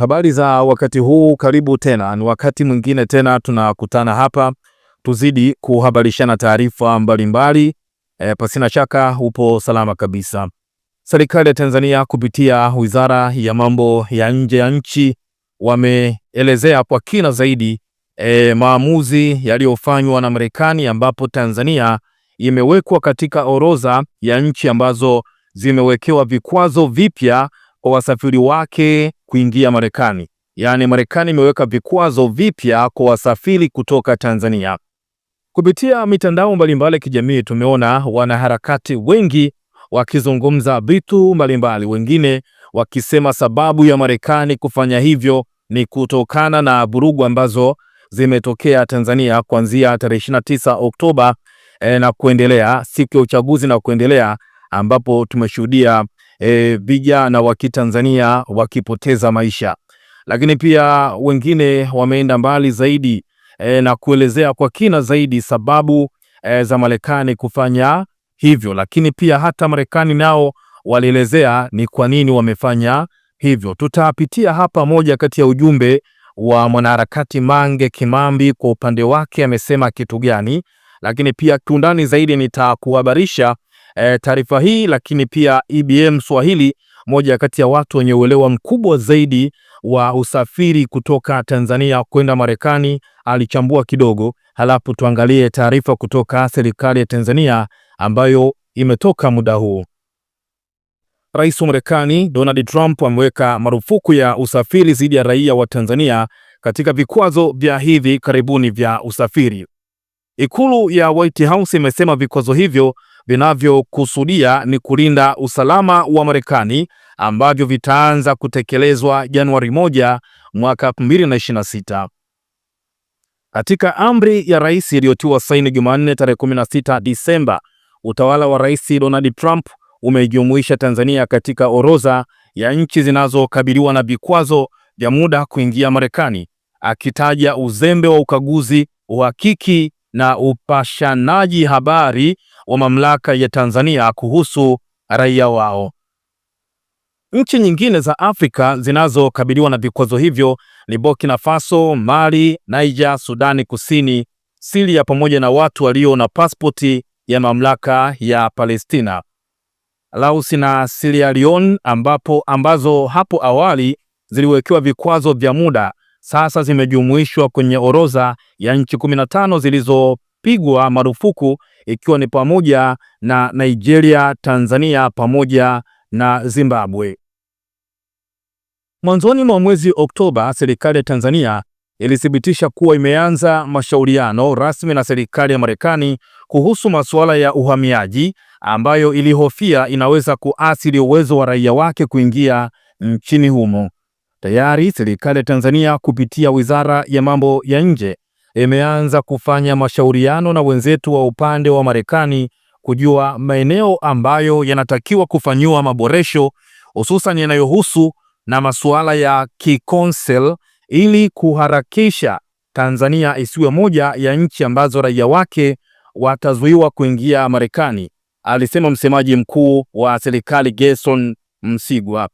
Habari za wakati huu, karibu tena. Ni wakati mwingine tena tunakutana hapa tuzidi kuhabarishana taarifa mbalimbali. E, pasina shaka upo salama kabisa. Serikali ya Tanzania kupitia Wizara ya Mambo ya Nje ya nchi wameelezea kwa kina zaidi e, maamuzi yaliyofanywa na Marekani ambapo Tanzania imewekwa katika orodha ya nchi ambazo zimewekewa vikwazo vipya wasafiri wake kuingia Marekani. Yaani, Marekani imeweka vikwazo vipya kwa wasafiri kutoka Tanzania. Kupitia mitandao mbalimbali ya kijamii, tumeona wanaharakati wengi wakizungumza vitu mbalimbali, wengine wakisema sababu ya Marekani kufanya hivyo ni kutokana na vurugu ambazo zimetokea Tanzania kuanzia tarehe 29 Oktoba e, na kuendelea siku ya uchaguzi na kuendelea, ambapo tumeshuhudia E, vijana e, wa Kitanzania wakipoteza maisha, lakini pia wengine wameenda mbali zaidi e, na kuelezea kwa kina zaidi sababu e, za Marekani kufanya hivyo, lakini pia hata Marekani nao walielezea ni kwa nini wamefanya hivyo. Tutapitia hapa moja kati ya ujumbe wa mwanaharakati Mange Kimambi, kwa upande wake amesema kitu gani, lakini pia kiundani zaidi nitakuhabarisha e, taarifa hii, lakini pia EBM Swahili, moja kati ya watu wenye uelewa mkubwa zaidi wa usafiri kutoka Tanzania kwenda Marekani, alichambua kidogo, halafu tuangalie taarifa kutoka serikali ya Tanzania ambayo imetoka muda huu. Rais wa Marekani Donald Trump ameweka marufuku ya usafiri dhidi ya raia wa Tanzania katika vikwazo vya hivi karibuni vya usafiri. Ikulu ya White House imesema vikwazo hivyo vinavyokusudia ni kulinda usalama wa Marekani ambavyo vitaanza kutekelezwa Januari 1 mwaka 2026. Katika amri ya rais iliyotiwa saini Jumanne tarehe 16 Disemba, utawala wa Rais Donald Trump umejumuisha Tanzania katika orodha ya nchi zinazokabiliwa na vikwazo vya muda kuingia Marekani, akitaja uzembe wa ukaguzi, uhakiki na upashanaji habari wa mamlaka ya Tanzania kuhusu raia wao. Nchi nyingine za Afrika zinazokabiliwa na vikwazo hivyo ni Burkina Faso, Mali, Niger, Sudani Kusini, Siria pamoja na watu walio na pasipoti ya mamlaka ya Palestina, Laos na Sierra Leone ambapo ambazo hapo awali ziliwekewa vikwazo vya muda, sasa zimejumuishwa kwenye orodha ya nchi 15 zilizo kupigwa marufuku ikiwa ni pamoja na Nigeria, Tanzania pamoja na Zimbabwe. Mwanzoni mwa mwezi Oktoba, serikali ya Tanzania ilithibitisha kuwa imeanza mashauriano rasmi na serikali ya Marekani kuhusu masuala ya uhamiaji ambayo ilihofia inaweza kuathiri uwezo wa raia wake kuingia nchini humo. Tayari serikali ya Tanzania kupitia Wizara ya Mambo ya Nje imeanza kufanya mashauriano na wenzetu wa upande wa Marekani kujua maeneo ambayo yanatakiwa kufanyiwa maboresho hususan yanayohusu na masuala ya kikonsel ili kuharakisha Tanzania isiwe moja ya nchi ambazo raia wake watazuiwa kuingia Marekani, alisema msemaji mkuu wa serikali Gerson Msigwa.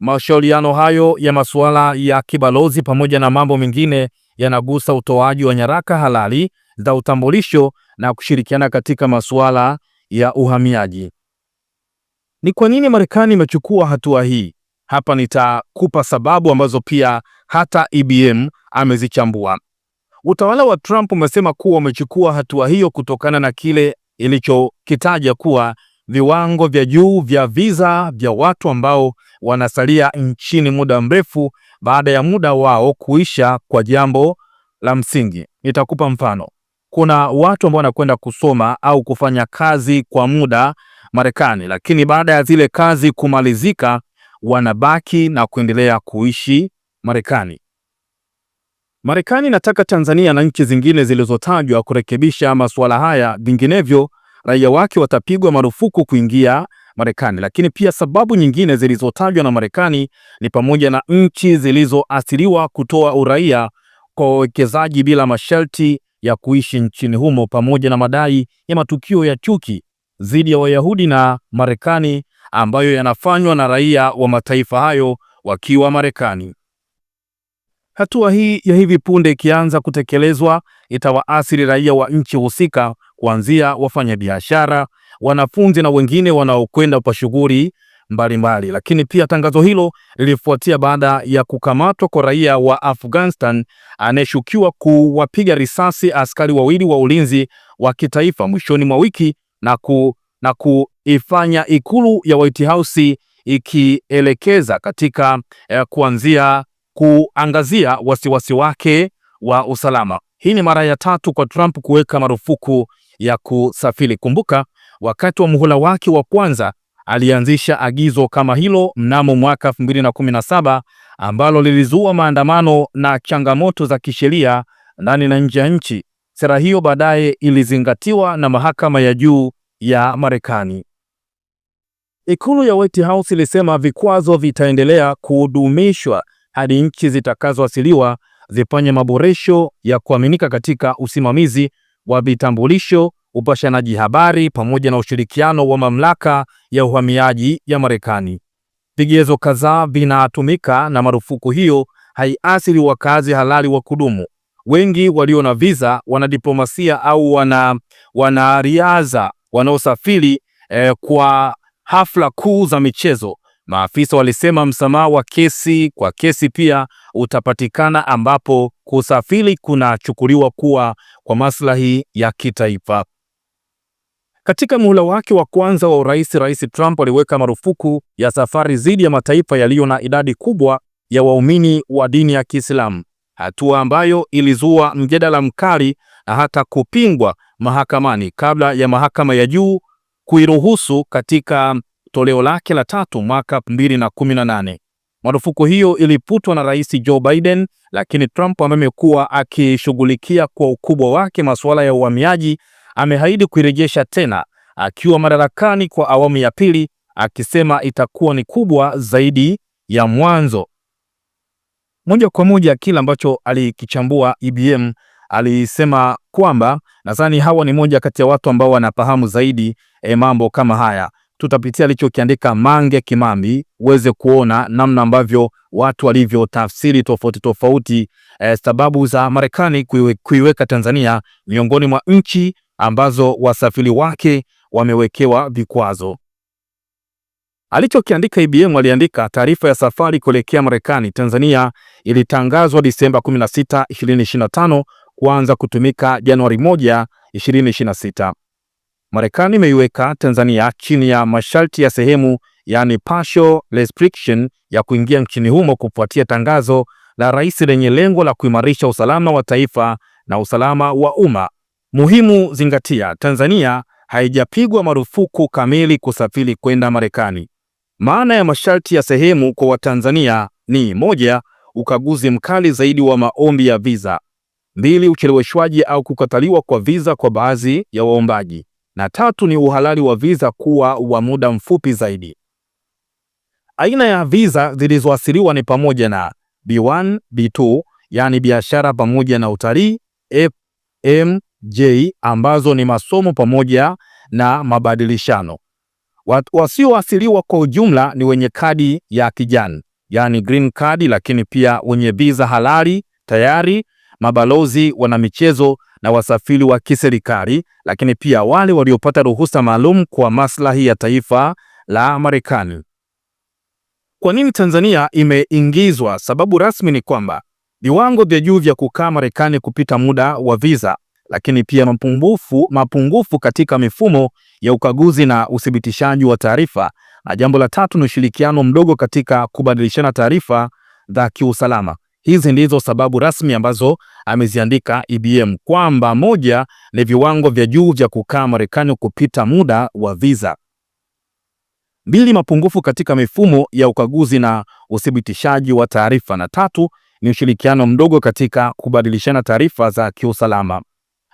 Mashauriano hayo ya masuala ya kibalozi pamoja na mambo mengine yanagusa utoaji wa nyaraka halali za utambulisho na kushirikiana katika masuala ya uhamiaji. Ni kwa nini Marekani imechukua hatua hii? Hapa nitakupa sababu ambazo pia hata IBM e amezichambua. Utawala wa Trump umesema kuwa umechukua hatua hiyo kutokana na kile ilichokitaja kuwa viwango vya juu vya visa vya watu ambao wanasalia nchini muda mrefu baada ya muda wao kuisha kwa jambo la msingi. Nitakupa mfano. Kuna watu ambao wanakwenda kusoma au kufanya kazi kwa muda Marekani, lakini baada ya zile kazi kumalizika, wanabaki na kuendelea kuishi Marekani. Marekani nataka Tanzania na nchi zingine zilizotajwa kurekebisha masuala haya, vinginevyo raia wake watapigwa marufuku kuingia Marekani. Lakini pia sababu nyingine zilizotajwa na Marekani ni pamoja na nchi zilizoathiriwa kutoa uraia kwa wawekezaji bila masharti ya kuishi nchini humo, pamoja na madai ya matukio ya chuki dhidi ya Wayahudi na Marekani ambayo yanafanywa na raia wa mataifa hayo wakiwa Marekani. Hatua hii ya hivi punde ikianza kutekelezwa itawaathiri raia wa nchi husika, kuanzia wafanyabiashara wanafunzi na wengine wanaokwenda kwa shughuli mbalimbali. Lakini pia tangazo hilo lilifuatia baada ya kukamatwa kwa raia wa Afghanistan anayeshukiwa kuwapiga risasi askari wawili wa ulinzi wa kitaifa mwishoni mwa wiki na ku na kuifanya ikulu ya White House ikielekeza katika eh, kuanzia kuangazia wasiwasi wake wa usalama. Hii ni mara ya tatu kwa Trump kuweka marufuku ya kusafiri. Kumbuka Wakati wa muhula wake wa kwanza alianzisha agizo kama hilo mnamo mwaka 2017 ambalo lilizua maandamano na changamoto za kisheria ndani na nje ya nchi. Sera hiyo baadaye ilizingatiwa na mahakama ya juu ya Marekani. Ikulu ya White House ilisema vikwazo vitaendelea kudumishwa hadi nchi zitakazoasiliwa zifanye maboresho ya kuaminika katika usimamizi wa vitambulisho upashanaji habari pamoja na ushirikiano wa mamlaka ya uhamiaji ya Marekani. Vigezo kadhaa vinatumika na marufuku hiyo haiathiri wakazi halali wa kudumu. Wengi walio na visa, wanadiplomasia au wana wanariadha wanaosafiri eh, kwa hafla kuu za michezo. Maafisa walisema msamaha wa kesi kwa kesi pia utapatikana ambapo kusafiri kunachukuliwa kuwa kwa maslahi ya kitaifa. Katika muhula wake wa kwanza wa urais, Rais Trump aliweka marufuku ya safari dhidi ya mataifa yaliyo na idadi kubwa ya waumini wa dini ya Kiislamu, hatua ambayo ilizua mjadala mkali na hata kupingwa mahakamani kabla ya mahakama ya juu kuiruhusu katika toleo lake la tatu mwaka 2018. Marufuku hiyo iliputwa na Rais Joe Biden, lakini Trump ambaye amekuwa akishughulikia kwa ukubwa wake masuala ya uhamiaji ameahidi kuirejesha tena akiwa madarakani kwa awamu ya pili, akisema itakuwa ni kubwa zaidi ya mwanzo. Moja kwa moja kile ambacho alikichambua IBM e alisema kwamba nadhani hawa ni moja kati ya watu ambao wanafahamu zaidi e, mambo kama haya. Tutapitia alichokiandika Mange Kimambi uweze kuona namna ambavyo watu walivyotafsiri tofauti tofauti e, sababu za Marekani kuiweka Tanzania miongoni mwa nchi ambazo wasafiri wake wamewekewa vikwazo. Alichokiandika IBM aliandika taarifa ya safari kuelekea Marekani Tanzania ilitangazwa Disemba 16, 2025 kuanza kutumika Januari 1, 2026. Marekani imeiweka Tanzania chini ya masharti ya sehemu, yani partial restriction, ya kuingia nchini humo kufuatia tangazo la rais lenye lengo la kuimarisha usalama wa taifa na usalama wa umma. Muhimu zingatia, Tanzania haijapigwa marufuku kamili kusafiri kwenda Marekani. Maana ya masharti ya sehemu kwa Watanzania ni moja, ukaguzi mkali zaidi wa maombi ya visa; mbili, ucheleweshwaji au kukataliwa kwa visa kwa baadhi ya waombaji; na tatu ni uhalali wa visa kuwa wa muda mfupi zaidi. Aina ya visa zilizoasiliwa ni pamoja na B1, B2, yani biashara pamoja na utalii, F, M, J ambazo ni masomo pamoja na mabadilishano. Wasioasiliwa kwa ujumla ni wenye kadi ya kijani, yani green card, lakini pia wenye visa halali tayari, mabalozi, wana michezo na wasafiri wa kiserikali, lakini pia wale waliopata ruhusa maalum kwa maslahi ya taifa la Marekani. Kwa nini Tanzania imeingizwa? Sababu rasmi ni kwamba viwango vya juu vya kukaa Marekani kupita muda wa visa lakini pia mapungufu, mapungufu katika mifumo ya ukaguzi na uthibitishaji wa taarifa, na jambo la tatu ni ushirikiano mdogo katika kubadilishana taarifa za kiusalama. Hizi ndizo sababu rasmi ambazo ameziandika IBM e kwamba moja ni viwango vya juu vya kukaa Marekani kupita muda wa visa. Mbili, mapungufu katika mifumo ya ukaguzi na uthibitishaji wa taarifa, na tatu ni ushirikiano mdogo katika kubadilishana taarifa za kiusalama.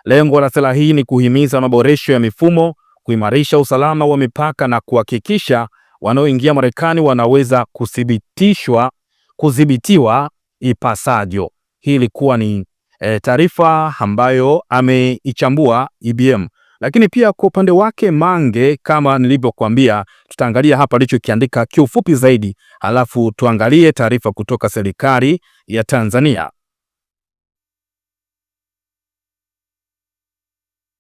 Lengo la sera hii ni kuhimiza maboresho ya mifumo, kuimarisha usalama wa mipaka na kuhakikisha wanaoingia Marekani wanaweza kuthibitishwa kudhibitiwa ipasavyo. Hii ilikuwa ni e, taarifa ambayo ameichambua IBM, lakini pia kwa upande wake Mange, kama nilivyokuambia, tutaangalia hapa alichokiandika kiufupi zaidi, alafu tuangalie taarifa kutoka serikali ya Tanzania.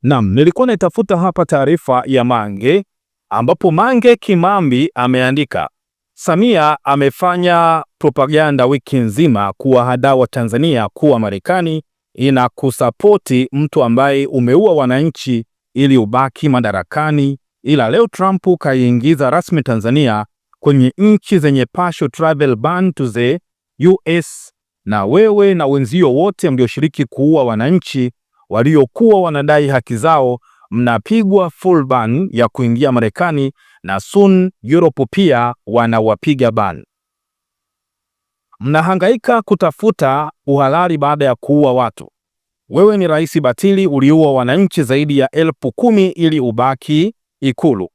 Naam, nilikuwa natafuta hapa taarifa ya Mange ambapo Mange Kimambi ameandika Samia amefanya propaganda wiki nzima kuwahadaa tanzania kuwa Marekani ina kusapoti mtu ambaye umeua wananchi ili ubaki madarakani, ila leo Trump kaiingiza rasmi Tanzania kwenye nchi zenye partial travel ban to the US, na wewe na wenzio wote mlioshiriki kuua wananchi waliokuwa wanadai haki zao, mnapigwa full ban ya kuingia Marekani na soon Europe pia wanawapiga ban. Mnahangaika kutafuta uhalali baada ya kuua watu. Wewe ni rais batili, uliua wananchi zaidi ya elfu kumi ili ubaki Ikulu.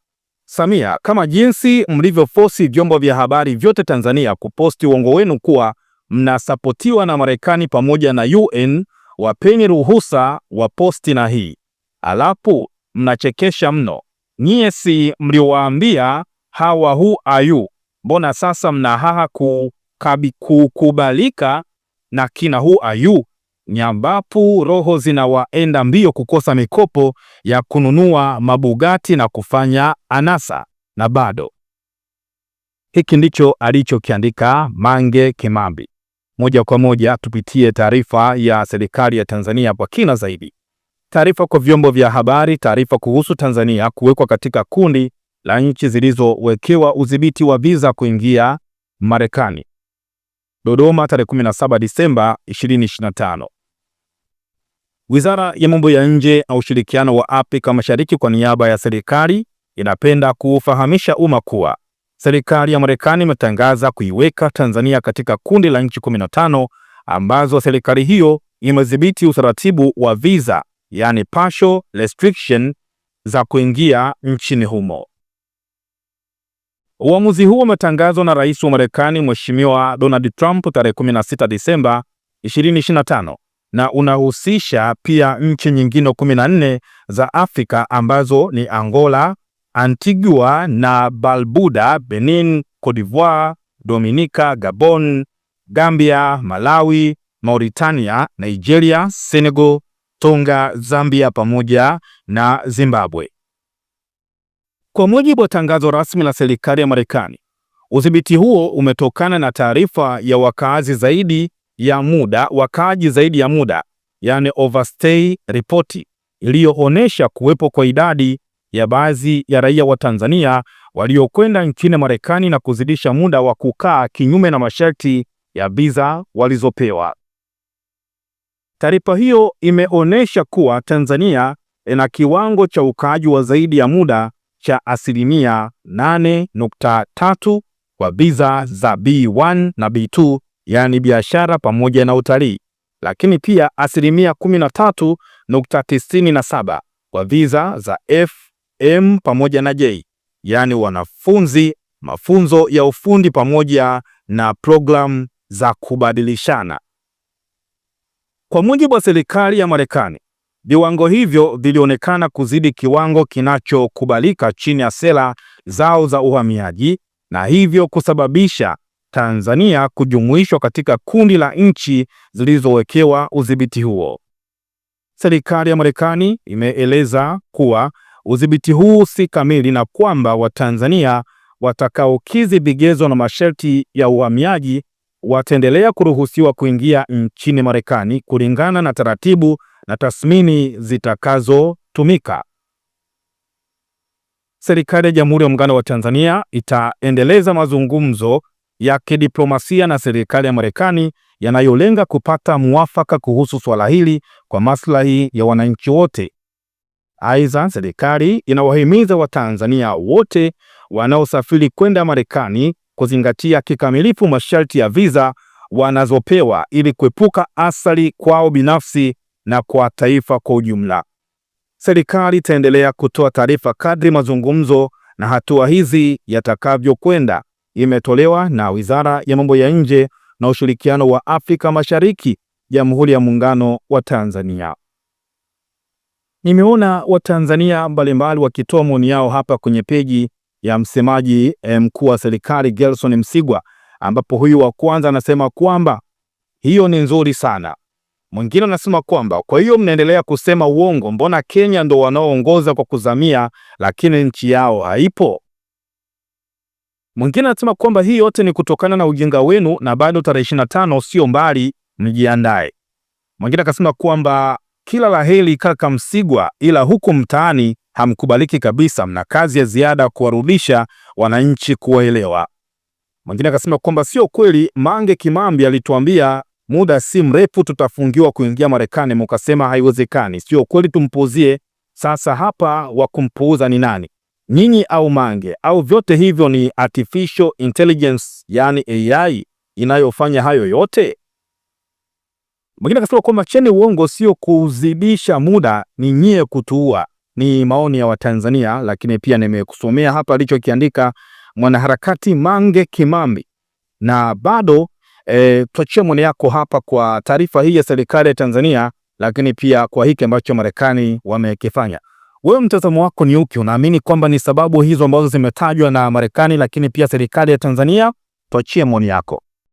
Samia, kama jinsi mlivyofosi vyombo vya habari vyote Tanzania kuposti uongo wenu kuwa mnasapotiwa na Marekani pamoja na UN wapeni ruhusa wa posti na hii alafu mnachekesha mno. Nyie si mliowaambia hawa hu ayu, mbona sasa mnahaha kukubalika na kina hu ayu? Nyambapu roho zinawaenda mbio kukosa mikopo ya kununua mabugati na kufanya anasa na bado. Hiki ndicho alichokiandika Mange Kimambi. Moja kwa moja tupitie taarifa ya serikali ya Tanzania kwa kina zaidi. Taarifa kwa vyombo vya habari. Taarifa kuhusu Tanzania kuwekwa katika kundi la nchi zilizowekewa udhibiti wa visa kuingia Marekani. Dodoma, tarehe 17 Disemba 2025. Wizara ya Mambo ya Nje na Ushirikiano wa Afrika Mashariki kwa niaba ya serikali inapenda kuufahamisha umma kuwa serikali ya Marekani imetangaza kuiweka Tanzania katika kundi la nchi 15 ambazo serikali hiyo imedhibiti utaratibu wa visa, yani partial restriction za kuingia nchini humo. Uamuzi huo umetangazwa na Rais wa Marekani Mheshimiwa Donald Trump tarehe 16 Disemba 2025 na unahusisha pia nchi nyingine 14 za Afrika ambazo ni Angola, Antigua na Barbuda, Benin, Cote d'Ivoire, Dominica, Gabon, Gambia, Malawi, Mauritania, Nigeria, Senegal, Tonga, Zambia pamoja na Zimbabwe. Kwa mujibu wa tangazo rasmi la serikali ya Marekani, udhibiti huo umetokana na taarifa ya wakaazi zaidi ya muda, wakaaji zaidi ya muda, yani overstay report, iliyoonesha kuwepo kwa idadi ya baadhi ya raia wa Tanzania waliokwenda nchini Marekani na kuzidisha muda wa kukaa kinyume na masharti ya visa walizopewa. Taarifa hiyo imeonyesha kuwa Tanzania ina kiwango cha ukaaji wa zaidi ya muda cha asilimia 8.3 kwa visa za B1 na B2, yaani biashara pamoja na utalii, lakini pia asilimia 13.97 kwa visa za F M pamoja na J, yaani wanafunzi, mafunzo ya ufundi pamoja na programu za kubadilishana. Kwa mujibu wa serikali ya Marekani, viwango hivyo vilionekana kuzidi kiwango kinachokubalika chini ya sera zao za uhamiaji na hivyo kusababisha Tanzania kujumuishwa katika kundi la nchi zilizowekewa udhibiti huo. Serikali ya Marekani imeeleza kuwa udhibiti huu si kamili na kwamba Watanzania watakaokidhi vigezo na masharti ya uhamiaji wataendelea kuruhusiwa kuingia nchini Marekani kulingana na taratibu na tathmini zitakazotumika. Serikali ya Jamhuri ya Muungano wa Tanzania itaendeleza mazungumzo ya kidiplomasia na serikali ya Marekani yanayolenga kupata mwafaka kuhusu swala hili kwa maslahi ya wananchi wote Aidha, serikali inawahimiza Watanzania wote wanaosafiri kwenda Marekani kuzingatia kikamilifu masharti ya visa wanazopewa ili kuepuka athari kwao binafsi na kwa taifa kwa ujumla. Serikali itaendelea kutoa taarifa kadri mazungumzo na hatua hizi yatakavyokwenda. Imetolewa na Wizara ya Mambo ya Nje na Ushirikiano wa Afrika Mashariki, Jamhuri ya Muungano wa Tanzania. Nimeona Watanzania mbalimbali wakitoa maoni yao hapa kwenye peji ya msemaji eh, mkuu wa serikali Gerson Msigwa, ambapo huyu wa kwanza anasema kwamba hiyo ni nzuri sana. Mwingine anasema kwamba kwa hiyo mnaendelea kusema uongo, mbona Kenya ndo wanaoongoza kwa kuzamia, lakini nchi yao haipo. Mwingine anasema kwamba hii yote ni kutokana na ujinga wenu na bado tarehe 25 sio mbali, mjiandae. Mwingine akasema kwamba kila la heri kaka Msigwa, ila huku mtaani hamkubaliki kabisa, mna kazi ya ziada kuwarudisha wananchi kuwaelewa. Mwingine akasema kwamba sio kweli, Mange Kimambi alituambia muda si mrefu tutafungiwa kuingia Marekani, mukasema haiwezekani, sio kweli, tumpuuzie. Sasa hapa wa kumpuuza ni nani, nyinyi au Mange? Au vyote hivyo ni artificial intelligence, yani AI inayofanya hayo yote? Mwingine akasema kwamba cheni uongo sio kuzidisha muda, ni nyie kutuua. Ni maoni ya Watanzania, lakini pia nimekusomea hapa alichokiandika mwanaharakati Mange Kimambi na bado e, tuachie maoni yako hapa kwa taarifa hii ya serikali ya Tanzania, lakini pia kwa hiki ambacho Marekani wamekifanya. Wewe mtazamo wako ni upi? Unaamini kwamba ni sababu hizo ambazo zimetajwa na Marekani, lakini pia serikali ya Tanzania? Tuachie maoni yako.